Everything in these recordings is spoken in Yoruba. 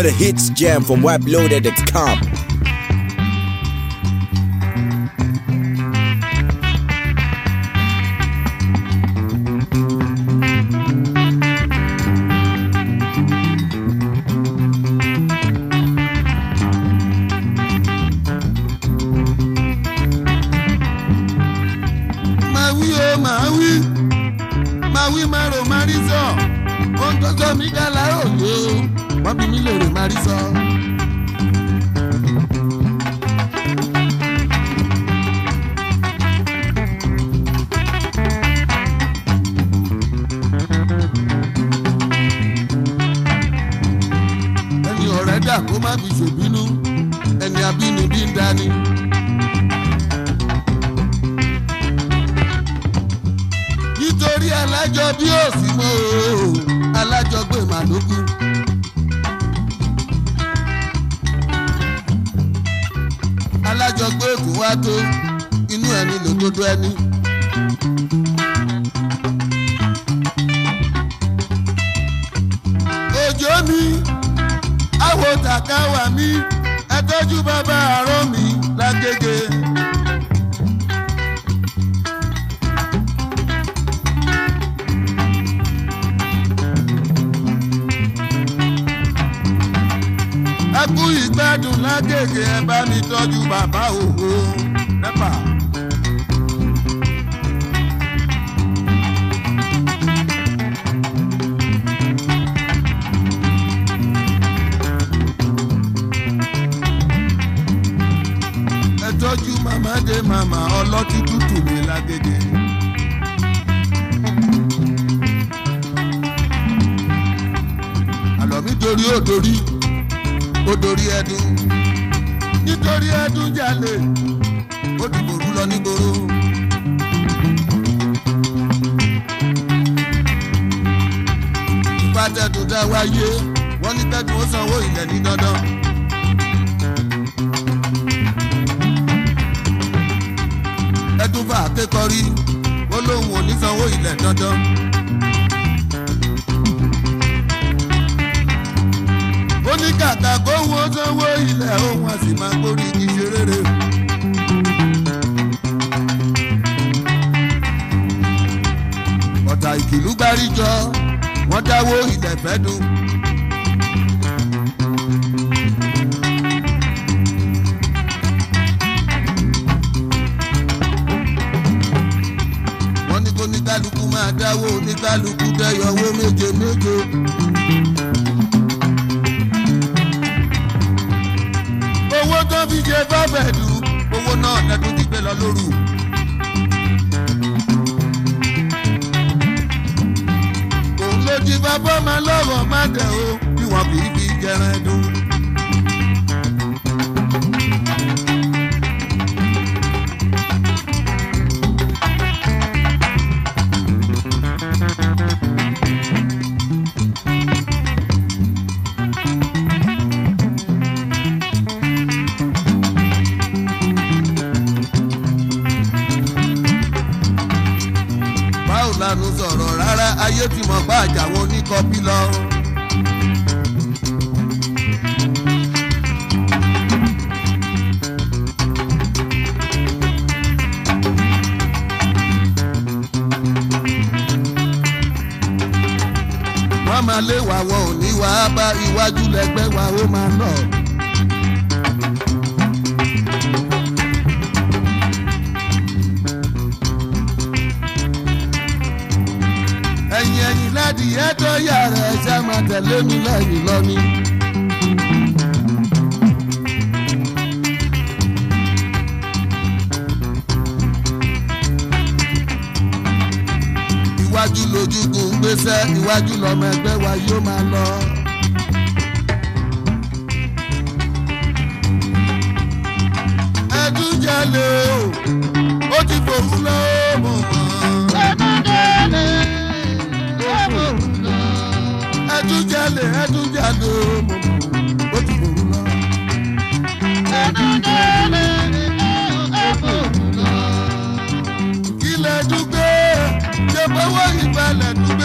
You're the hits jam from webloader.com. Màwí màrò màrí sàn, ohun tó sọ mí dá láròyé o má bí mi lèrè má rí sọ. ẹni ọ̀rẹ́ dà kó má fi ṣèbínú ẹni abínibí ń dání. nítorí alájọ bí ó sì mọ́ o alájọ gbé màlúkú. alájọgbé èkó wá tó inú ẹni lòdodo ẹni. òjò mi àwòtàkà wà mí ẹ tọ́jú bàbá àárọ̀ mi lágége. ẹ kú ìgbádùn lágègè ẹ bá mi tọ́jú bàbá òwò mẹ́fà. ẹ tọ́jú màmá dé màmá ọlọ́tí tútù mi lágègè. àlọ́ mi dorí ò dorí ó dorí ẹdun nítorí ẹdun jalè ó dìbòrú lọ nígboro. ìbátẹ́dùn dá wáyé wọ́n ní tẹ́dùn ó sanwó ilẹ̀ ní dandan. ẹdun bá a ké kọrí ó lóun ò ní sanwó ilẹ̀ dandan. ó ní kàkà kóhun ó sanwó ilẹ̀ ohun àti máa gbórí igi ṣe rere. ọ̀tà ìkìlú gbáríjọ wọ́n dáwó ilẹ̀ fẹ́ dùn. wọ́n ní kó ní kálukú máa dáwó ní kálukú dẹ́yọ̀wó méje méje. ṣe bá bẹ̀dù owó náà lẹ́dún ti gbé lọ lóru. òun ló jí bàbá máa lọ́wọ́ má dẹ̀ o bí wọ́n kì í fi jẹran dùn. popular. wọ́n máa lé wa wọ́n ò bá iwájú lẹ́gbẹ́ wa ó máa lọ. tó yàrá ẹ̀ṣẹ̀ máa tẹ̀lé mi lẹ́yìn lọ́ní. iwájú lójú kò ń gbéṣẹ́ iwájú lọ́mọ ẹgbẹ́ wa yóò máa lọ. ẹdún jalè o ó ti fòun lọ́wọ́ mọ̀ mọ́ ẹtújẹlè ẹtújẹlè ó ti fòrú lọ. ẹtújẹlè ẹ fòrú lọ. kílẹ̀ dúgbé ṣe fọwọ́ ìbẹ̀lẹ̀ dúgbé.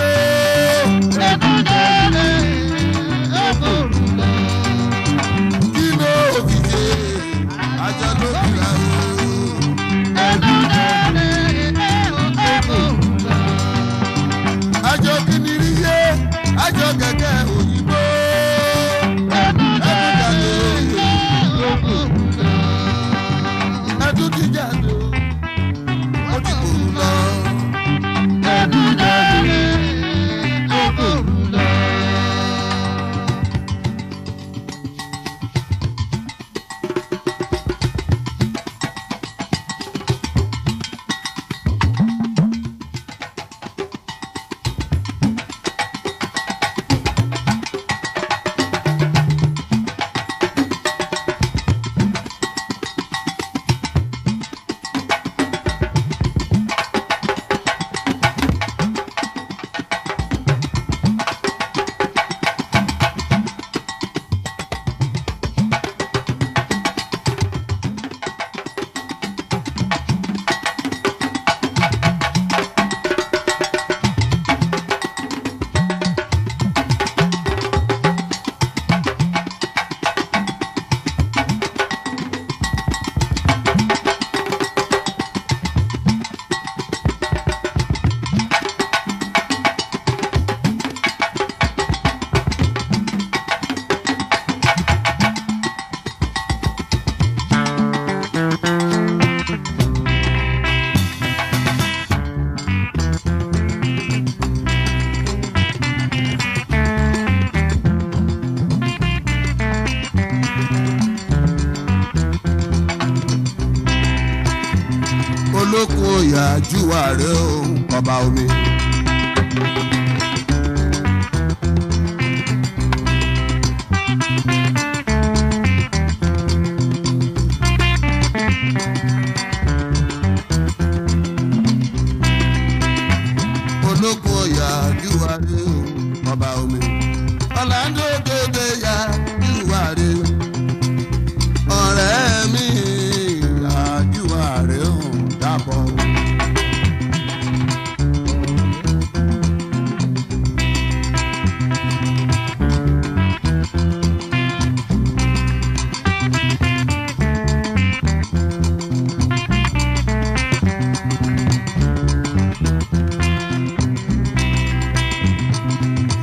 olúwa rẹ o ọba omi.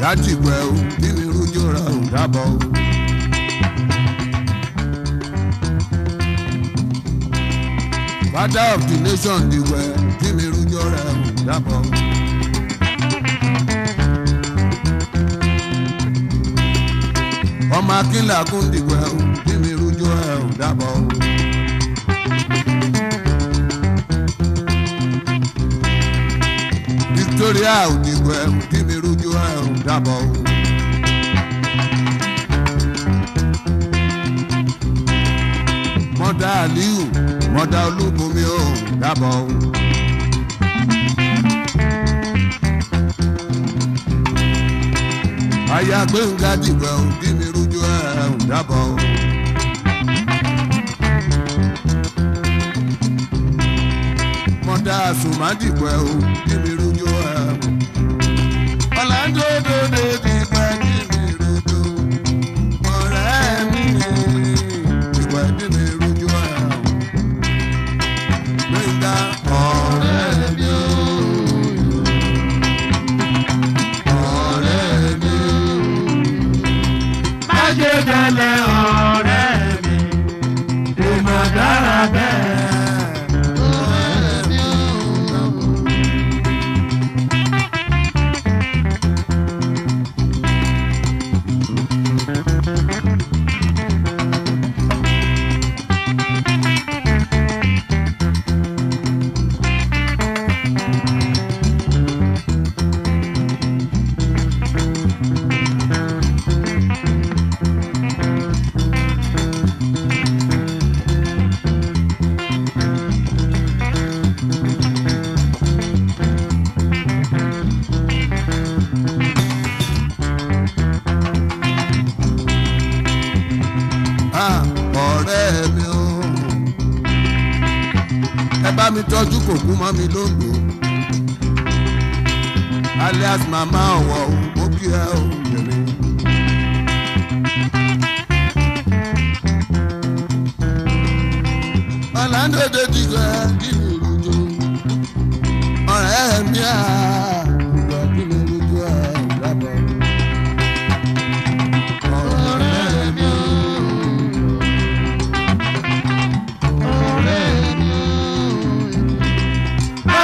yàtìpẹ́ o bí mi rújó ra ò dábọ̀ o. father of the nation di dìwẹ̀ bí mi rújó ra ò dábọ̀ o. ọmọ di dìwẹ̀ o bí mi rújó ra ò dábọ̀ o. Victoria ò dìwẹ̀ o bí dàbọ̀ o. mọ́dà aliu mọ́dà olúbomi o dàbọ̀ o. àyà gbẹ̀ngà dìgbà ò bí mi rújú ẹ̀ ń dàbọ̀ o. mọ́dà sùnmọ́ dìgbà ò mi rújú ẹ̀ dàbọ̀ Andrew, mi lóńgbò alias mama ọ̀wọ́ mo kí ẹ o jèrè. ọ̀làǹdó dèjì gan-an kí ni ìrùjọ ọ̀rẹ́ mi àá.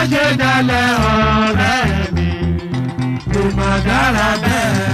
gbé dalẹ̀ ọ̀rẹ́ mi, ìmọ̀ dára bẹ́ẹ̀.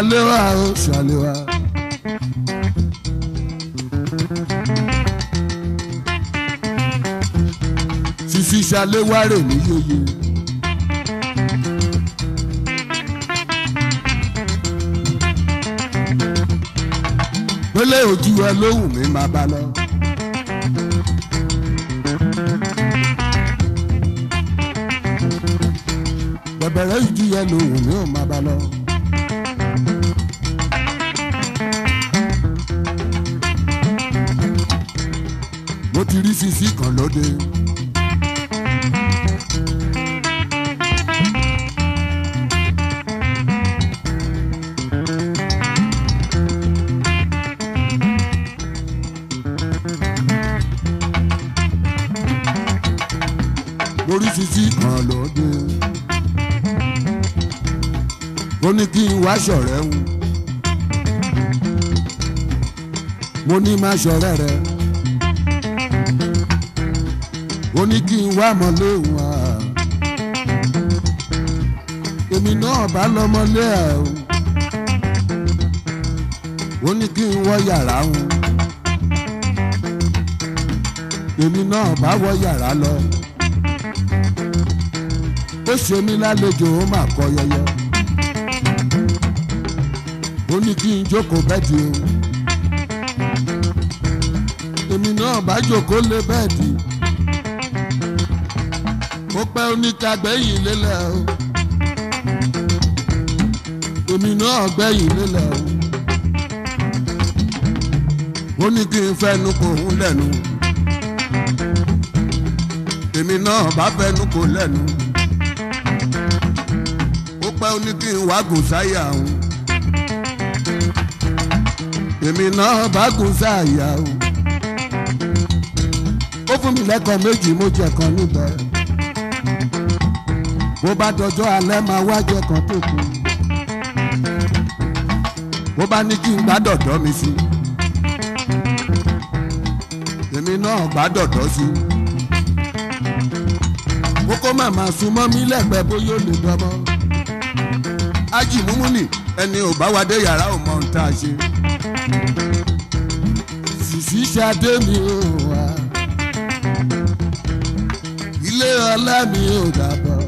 ṣàlẹ́wà ó ṣàlẹ́wà. fífi ṣàlẹ́wà rẹ̀ ní yóyó. pẹ̀lẹ́ ojú ẹ lóhùn mi máa bá lọ. bẹ̀bẹ̀rẹ̀ ojú ẹ lóhùn mi ò máa bá lọ. tó ti rí sisi kan lóde. lórí sisi kan lóde. ó ní kí n wá ṣọ̀rẹ́ ń. mo ní má ṣọ̀rẹ́ rẹ̀ ó ní kí n wá mọ́lé wá èmi náà bá lọ mọ́lé ẹ̀ o ó ní kí n wọ yàrá wọn èmi náà bá wọ yàrá lọ ó ṣe mí lálejò ó mà kọ yẹyẹ ó ní kí n jókòó bẹ́ẹ̀dì o èmi náà bá jókòó lé bẹ́ẹ̀dì mo pẹ́ oníkagbẹ́yìn lélẹ̀ o èmi náà gbẹ́yìn lélẹ̀ o ó ní kí n fẹ́nu kò hún lẹ́nu èmi náà bá fẹ́nu kò lẹ́nu ó pẹ́ oní kí n wágùn sáyà o èmi náà bá gùn sáyà o ó fún mi lẹ́kọ̀ọ́ méjì mo jẹ̀kan níbẹ̀ bó bá dọjọ́ alẹ́ máa wájẹ kan tó kù bó bá ní kí n gbá dọ̀dọ̀ mi sí èmi náà gbá dọ̀dọ̀ sí mo kó màmá súnmọ́ mi lẹ́gbẹ̀ẹ́ bóyá ó lè dọ́bọ́ ájì múmú nì ẹni ò bá wa dé yàrá ò mọ ohun tá a ṣe sì sí ṣe mi o. ilé ọlá mi ò dàbọ̀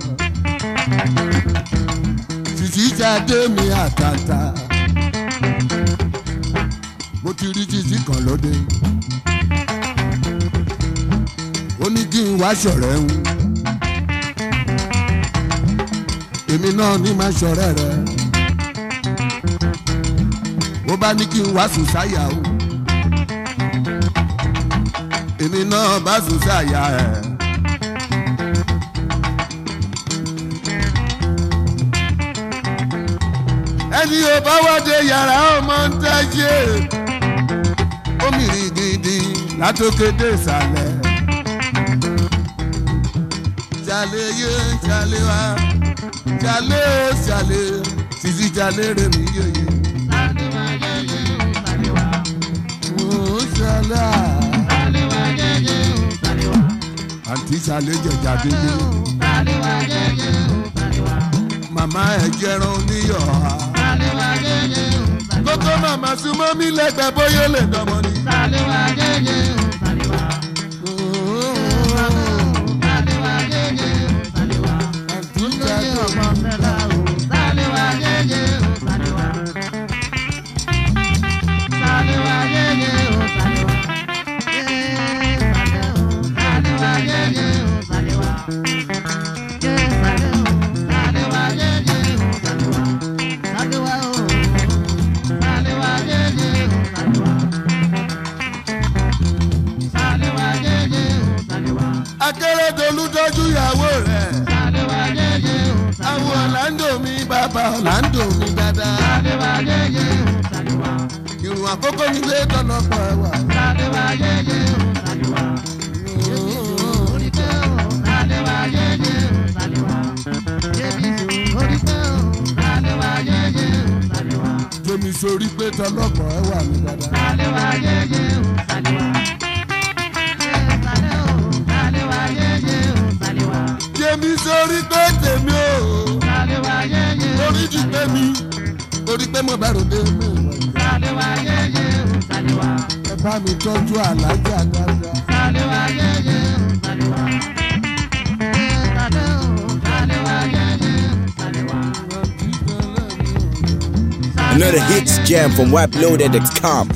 títí jáde mi àtàtà mo ti rí títí kan lóde ó ní kí n wá ṣọ̀rẹ́ ń èmi náà ní máa ṣọ̀rẹ́ rẹ ó bá ní kí n wá sùn sáyà o èmi náà bá sùn sáyà ẹ̀. ẹni ò bá wọdé yàrá ọmọ ń tẹ́jẹ́ omi rìn gidi látòkè dé ìsàlẹ̀. jalè yé jalè wa jalè jalè títí jalè rẹ̀ mí yòyè. sọlá. àǹtí sàlẹ̀ jẹjà délé. màmá ẹ̀ jẹran oníyọ̀ọ́ kókó màmá súnmọ́ mi lẹ́gbẹ̀ẹ́ bóyá lè dọ̀mọ́ ni. ta ló wá gẹ́gẹ́ o. gbé tọlọpọ̀ ẹ̀wà. Adéwà yẹyẹ o Sàlíwà. Yébi tó orí pé o Adéwà yẹyẹ o Sàlíwà. Yébi tó orí pé o Adéwà yẹyẹ o Sàlíwà. Jẹ́mi sórí pé tọlọpọ̀ ẹ̀wà mi dada. Adéwà yẹyẹ o Sàlíwà. Jẹ́mi sórí pé tèmi o. Sàlíwà yẹyẹ o Sàlíwà. Orí ti pé mi, orí pé mo bá ròde mi. Sàlíwà yẹyẹ o. Ẹ bá mi tọ́jú àlájà dáadáa. Sàlùwà yẹ́yẹ́ o? Sàlùwà Another hits jam from WAPLOADED.com.